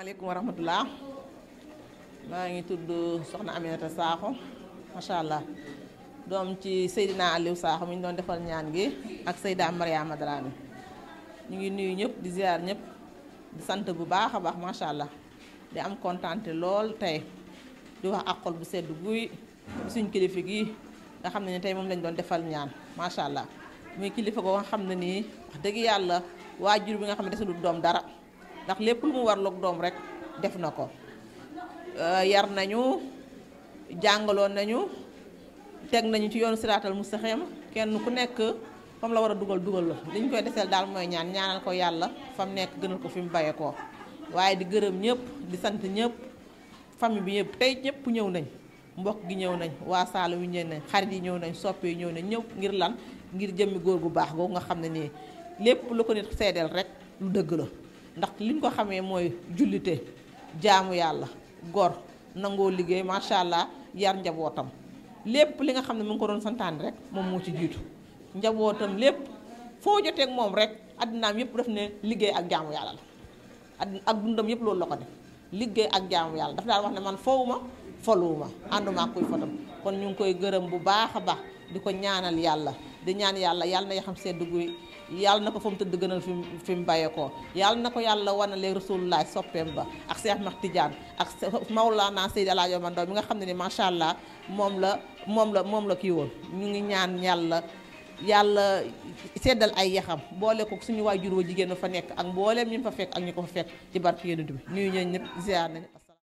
asalaamaaleykum wa rahmatulah maa ngi tudd soxna Aminata Sakho macha allah doom ci Seydina Aliou Sakho mi ngi doon defal ñaan gi ak Seyda Mariama Dramé ñu ngi nuyu ñëpp di ziar ñëpp di sant bu baax a baax macha allah di am kontante lool tey di wax ak xol bu sedd guy suñ kilifa gi nga xam ne ni tey moom lañ doon defal ñaan macha allah muy kilifa ko nga xam ne nii dëgg yàlla waajur bi nga xam ne desalul doom dara. ndax lépp lu mu warloog doom rek def na ko euh, yar nañu jàngaloon nañu teg nañu ci yoonu siraatal mustaxim kenn ku nekk fam la war a dugal dugal la li ñu koy deseel daal mooy ñaan ñaanal ko yàlla fam nekk gënal ko fi mu baye koo waaye di gërëm ñëpp di sant ñëpp famille bi ñëpp tey ñëpp ñëw nañ mbokk gi ñëw nañ waa Saalum yi ñëw nañ xarit yi ñëw nañ soppee ñëw nañ ñëpp ngir lan ngir jëmmi góor bu baax googu nga xam ne nii lépp lu ko nit seedeel rek lu dëgg la ndax liñ ko xamee mooy jullite jaamu yàlla gor nangoo liggéey macha allah yar njabootam lépp li nga xam ne mu ngi ko doon santaane rek moom moo ci jiitu njabootam lépp foo jotee moom rek addinaam yëpp daf ne liggéey ak jaamu yàlla la ak dundam yëpp loolu la ko def liggéey ak jaamu yàlla dafa daal wax ne man fowuma foluma ànduma ak kuy fotam kon ñu ngi koy gërëm bu baax a baax di ko ñaanal yàlla di ñaan yàlla yàlla na yaxam sedd guy yàlla na ko fa mu tëdd gënal fi mu fi mu bàyyee ko yàlla na ko yàlla wanalee rasulullah soppeem ba ak Seex Max Tijaan ak Mawlana Seydi Alaaji Omar Ndaw bi nga xam ne ni macha allah moom la moom la moom la kii woon ñu ngi ñaan yàlla yàlla seddal ay yaxam boole ko suñu waajur wa jigéen fa nekk ak mbooleem ñu fa fekk ak ñu ko fa fekk ci barke yonent bi nuyu ñooñu ñëpp ziar nañu